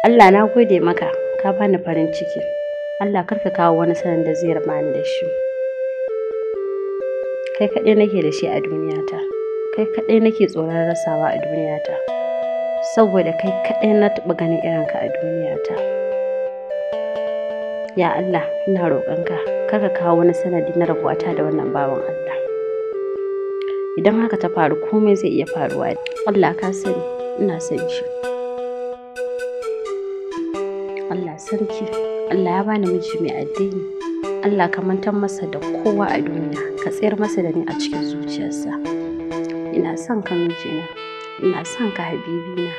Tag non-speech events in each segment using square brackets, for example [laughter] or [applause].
Allah na gode maka ka bani farin ciki Allah karka kawo wani sanin da zai rama ni da shi kai kaɗai nake da shi a duniyata kai kaɗai nake tsoron rasawa a duniyata saboda kai kaɗai na taɓa ganin irinka a duniyata ya Allah ina roƙonka karka kawo wani sanadi na rabuwata da wannan bawan Allah idan haka ta faru komai zai iya faruwa Allah ka sani ina son shi Allah sarki Allah ya bani miji mai addini Allah ka mantar masa da kowa a duniya ka tsayar masa da ni a cikin zuciyarsa ina son ka mijina ina son ka habibina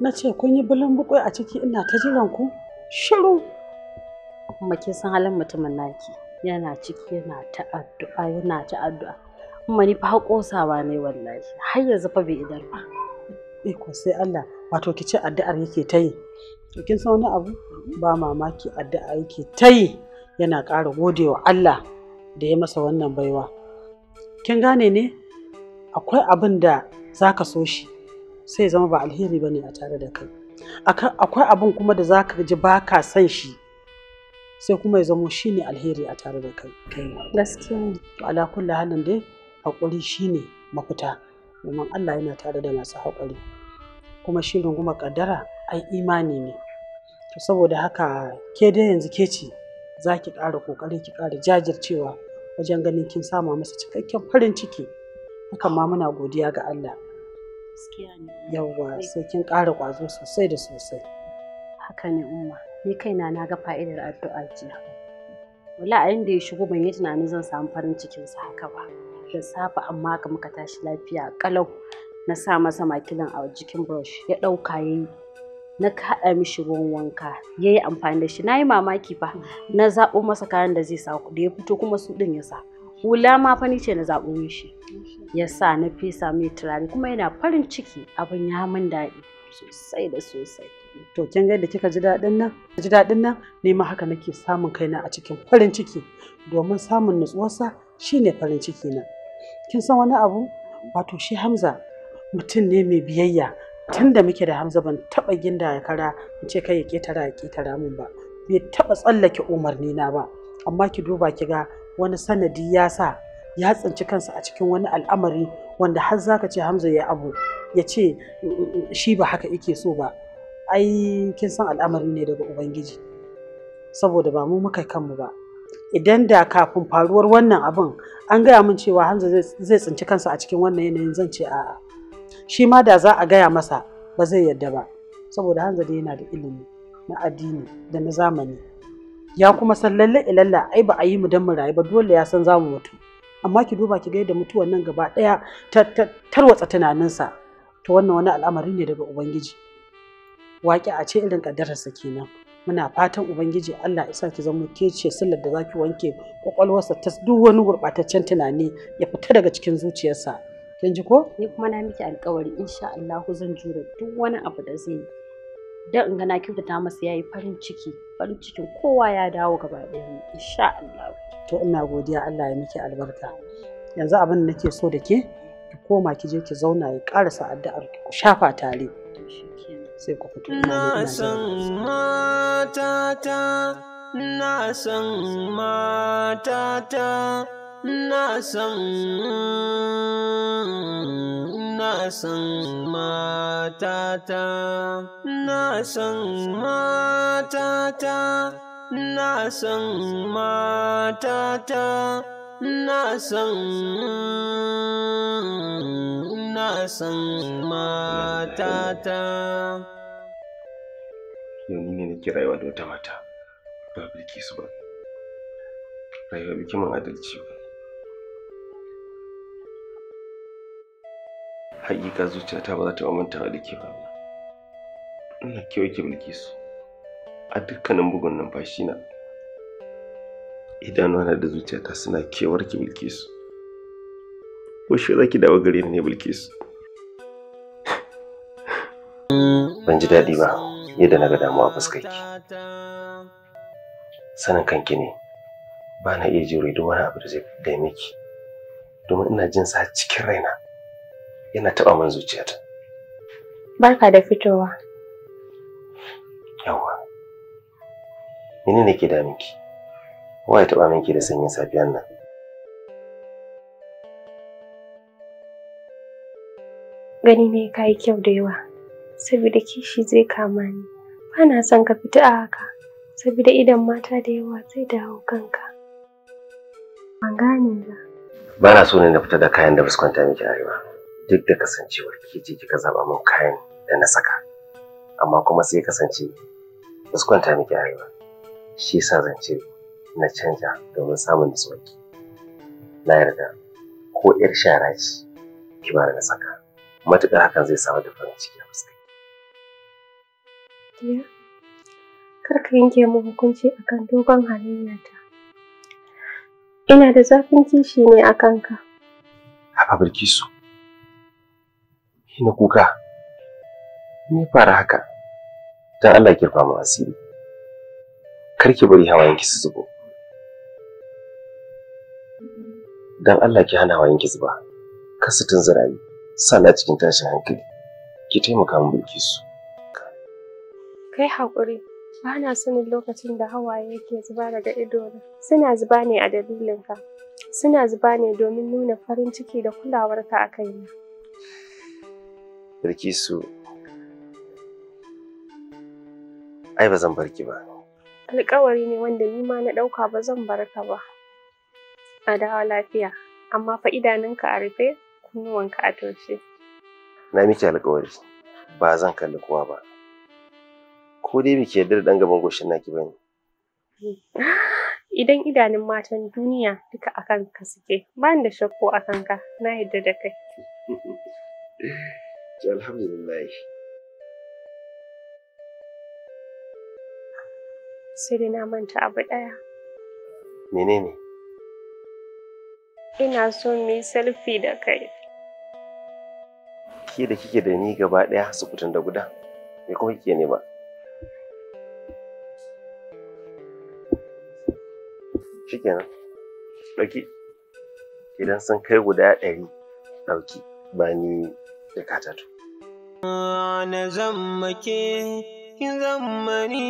na ce kun yi bulan bukwai a ciki ina ta jiran ku shiru kuma kin san halin mutumin naki yana ciki yana ta addu'a yana ta addu'a kuma ni fa kosawa ne wallahi har yanzu fa bai idan ba eh ko sai Allah wato ki addu'ar yake ta yi to kin san wani abu ba mamaki addu'a yake ta yana ƙara godewa Allah da ya masa wannan baiwa kin gane ne akwai abin da zaka so shi sai zama ba alheri bane a tare da kai akwai abun kuma da zaka ji baka ka son shi sai kuma ya zamo shine alheri a tare da kai gaskiya ala kulli halin dai hakuri shine mafita domin Allah yana tare da masu hakuri kuma shirin kuma kaddara ai imani ne to saboda haka ke dai yanzu ke ce za ki ƙara ƙoƙari ki ƙara jajircewa wajen ganin kin sama masa cikakken farin ciki hakan ma muna godiya ga Allah yawwa sai kin ƙara ƙwazo sosai da sosai haka ne umma ni kaina na ga fa'idar addu'a jiya wala a inda ya shigo ban yi tunanin zan samu farin cikin sa haka ba da safe amma ka muka tashi lafiya kalau na sa masa makilin a jikin brush ya ɗauka ya yi na kaɗa mishi ruwan wanka ya yi amfani da shi na yi mamaki fa hmm. na zaɓo masa kayan da zai sa da ya fito kuma su ɗin ya sa hula ma fa ni ce na zaɓo shi. ya sa na fesa mai turare kuma yana farin ciki abin ya min daɗi sosai da sosai to kin ga da kika ji daɗin nan ji daɗin nan ni ma haka nake samun kaina a cikin farin ciki domin samun nutsuwarsa shine farin ciki na kin san wani abu wato shi Hamza mutum ne mai biyayya Tunda muke da Hamza ban taɓa ginda ya kara in ce kai ya ketara ya ketara min ba bai taɓa tsallake umarni na ba amma ki duba ki ga wani sanadi ya sa ya tsinci kansa a cikin wani al'amari wanda har zaka ce hamza ya abu ya ce mm, mm, mm, shi ba haka yake so ba ai kin san al'amari ne daga ubangiji saboda ba mu muka kanmu ba idan da kafin faruwar wannan abin an gaya min cewa hamza zai tsinci kansa a cikin wannan yanayin zan ce a'a shi ma da za a gaya masa ba zai yadda ba saboda hamza dai yana da ilimi na addini da na zamani ya kuma san lalle ilalla ai ba a yi mu dan mu rayu ba dole ya san zamu mutu amma ki duba ki ga yadda mutuwan nan gaba daya tarwatsa tunaninsa to wannan wani al'amari ne daga ubangiji Waƙe a ce irin kaddararsa kenan muna fatan ubangiji Allah ya ki zama ke ce sallar da zaki wanke kwakwalwarsa ta duk wani gurɓataccen tunani ya fita daga cikin zuciyarsa kin ji ko ni kuma na miki alƙawari insha Allah zan jure duk wani abu da zai Dan in ga na kyautata masa yayi farin ciki farin cikin kowa ya dawo gaba ɗaya insha Allah to ina godiya Allah ya miki albarka yanzu abin da nake so da ke ki koma ki je ki zauna ya karasa addu'ar ku shafa tare sai ku fito na san matata na san matata na san na san matata na san matata na san matata na san na san matata yau ni ne na kira yawa da wata mata ba su ba rayuwa bikin adalci ba haƙiƙa zuciyata ba za ta manta da ke ba ina ke ki mulki su a dukkanin bugun numfashi na idanuwana da zuciyata suna kewar ki mulki su shi za ki dawo gare ne mulki su ban ji daɗi ba yadda na ga damuwa ki. sanin kanki ne ba na iya jure duk wani abu da zai dame ki domin ina jin sa cikin raina yana taɓa min zuciyata. Barka da fitowa. Yawwa. Mene ne ke daminki? Wa ya taɓa minki da sanyin safiyan nan? Gani ne ka yi kyau da yawa, saboda kishi zai kama ni. Ba na son ka fita a haka, saboda idan mata da yawa zai dawo kanka. Ban gane ba. Ba na so ne na fita da kayan da ba kwanta miki a duk da kasancewar kike kika zaba min kayan da na saka amma kuma sai kasance ba su miki a shi yasa zan ce na canja domin samun nutsuwarki na yarda ko yar shara ce ki bara na saka matuƙar hakan zai samu da farin ciki a fuska Diya, kar ka yanke mu hukunci akan dogon halayyata. Ina da zafin kishi ne a kanka. Haba Bilkisu, na kuka me fara haka dan Allah ki rufa mu asiri kar ki bari hawayenki su zubo dan Allah ki hana hawayenki zuba kar su tunzura ni sana cikin tashin hankali ki taimaka mu bulki su kai hakuri ba na sanin lokacin da hawaye yake zuba daga idona suna zuba ne a dalilinka suna zuba ne domin nuna farin ciki da kulawarka a kaina su. ai ba zan bar ba. Alƙawari ne wanda ni ma na ɗauka ba zan barka ba. A dawo lafiya, amma fa idanunka a rufe, kunnuwanka a toshe. Na miki alƙawari, ba zan kalli kowa ba. Ko dai biki yarda da ɗan gaban goshin naki ba [laughs] Idan idanun matan duniya duka akan ka suke, ba da shakko a kanka, na yadda da kai. [laughs] to alhamdulillah sai dai na manta abu ɗaya menene ina so mu yi selfie da kai ke da kike da ni gaba ɗaya sukutun da guda me kuma kike ne ba shikenan ɗauki idan sun kai guda ɗari ɗauki ba ni ya kata to. Na zammake kin zammani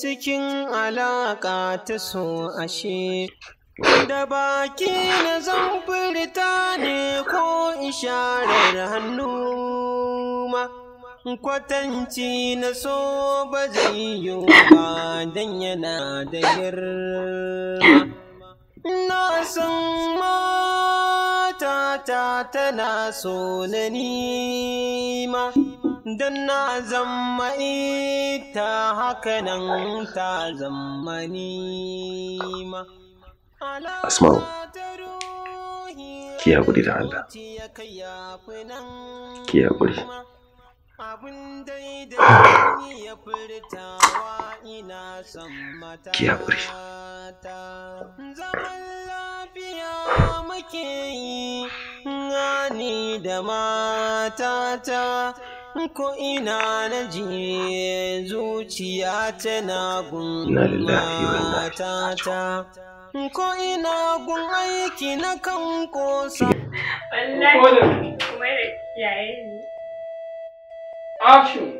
cikin alaƙa ta so ashe. Da baki na zan ne ko isharar hannu ma. kwatanci na so ba zai yi ba don yana da girma na san ma tana so na nima don na zama ita haka nan ta zama nima asma'u ki guri da Allah ki guri [sighs] ki haƙuri [sighs] zaman lafiya muke yi Ngani da matata ko ina na ji zuciya na gun matata ko ina gun aiki na kan kosa wallahi kuma yaye ni Ashu.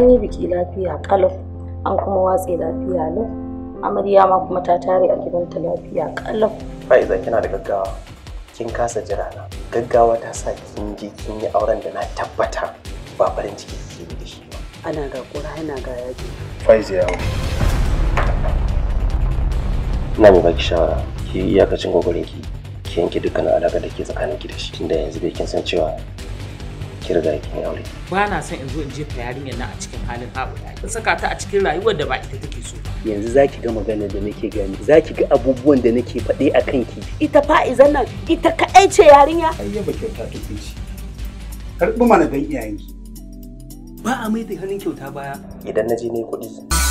an yi biki lafiya kalaf an kuma watse lafiya lau amarya ma kuma ta tare a gidanta lafiya kalau fa'iza kina da gaggawa kin kasa jira na gaggawa ta sa kin je kin yi auren da na tabbata ba farin ciki kike da shi ana ga kura ana ga yaji faiza yawo ina mai baki shawara ki iyakacin kokarin ki ki yanke dukkan alaka da ke tsakanin ki da shi tunda yanzu bai kin san cewa ki riga aure ba na son in zo in jefa yarinyar nan a cikin halin haɓu in saka ta a cikin rayuwar da ba ita take so ba yanzu ki ga magana da nake gani Za ki ga abubuwan da nake faɗe a kan ki. ita fa'izan nan ita kaɗai ce yarinya ba kyauta ce ci karɓi mana don iyayenki ba a mai da hannun kyauta baya idan na je ne kuɗi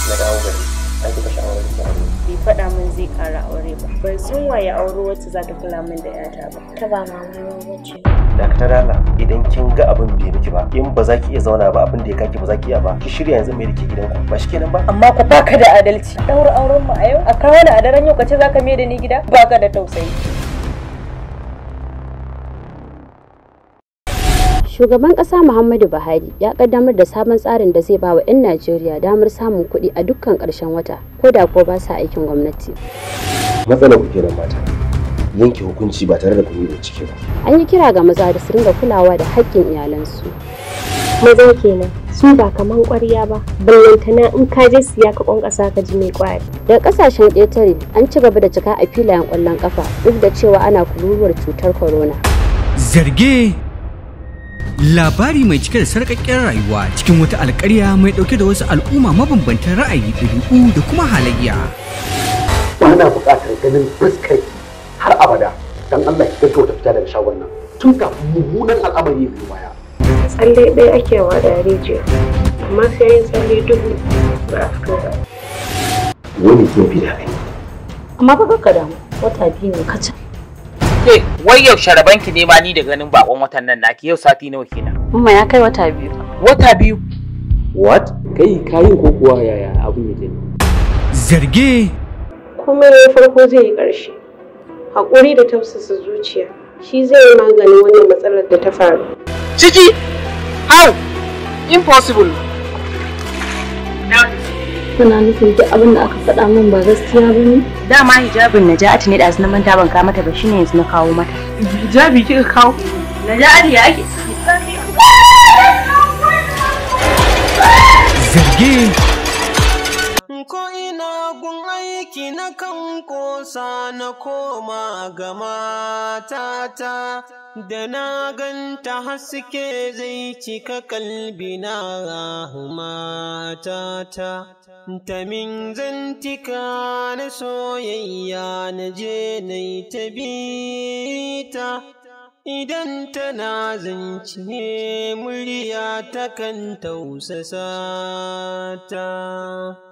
na dawo gari an bai faɗa min zai ƙara aure ba ban sun waye aure wacce za ta kula min da 'yata ba ta ba mamaye wacce dakatar Allah idan kin ga abin bai miki ba in ba za ki iya zauna ba abin da ya kaki ba za ki iya ba ki shirya yanzu mai dake gidan gidanku ba shi kenan ba amma ku baka da adalci Daur auren mu a yau a kawo ni a daren yau kace zaka mai da ni gida baka da tausayi Shugaban ƙasa Muhammadu Buhari ya kaddamar da sabon tsarin da zai ba wa 'yan Najeriya damar samun kuɗi a dukkan ƙarshen wata, ko da kuwa ba sa aikin gwamnati. Matsalar ku kenan mata. yanke hukunci ba tare da kun da ciki ba. An yi kira ga maza da su ringa kulawa da haƙƙin iyalansu. Maza kenan su ba kaman ƙwarya ba, ballantana in ka je siya ka ƙasa ka ji mai ƙwari. Daga ƙasashen ƙetare an ci gaba da cika a filayen ƙwallon ƙafa duk da cewa ana kururuwar cutar corona. Zarge labari mai cike da sarƙaƙƙiyar rayuwa cikin wata alƙarya mai ɗauke da wasu al'umma mabambantan ra'ayi ɗabi'u da kuma halayya. Ba na buƙatar ganin fuskar abada dan Allah ki gaggauta fita daga shagon nan tun kafin mummunan al'amari ne baya tsalle ɗaya ake wa da rijiya amma sai yin tsalle dubu ba a fito ba wani ke fi da kai amma ba ka damu wata biyu ne kaca ke wai yau sharabanki ne ma ni da ganin bakon watan nan naki yau sati nawa kenan amma ya kai wata biyu wata biyu what kai kayin ko kuwa yaya abun yake zarge kuma farko zai yi ƙarshe haƙuri da tausasa zuciya shi zai yi maganin wannan matsalar da ta faru ciki how impossible kuna nufin duk abin da aka faɗa min ba gaskiya ba ne? Dama hijabin Naja'atu ne ɗazu na manta ban kawo mata ba shine yanzu na kawo mata. Hijabi kika kawo? Naja'atu ya ake. Zarge ko ina gun aiki na kan kosa na koma ga matata da na ganta haske zai cika kalbi kalbina matata ta min zantika na soyayya na je na yi ta bita idan tana zance murya takan tausasa ta.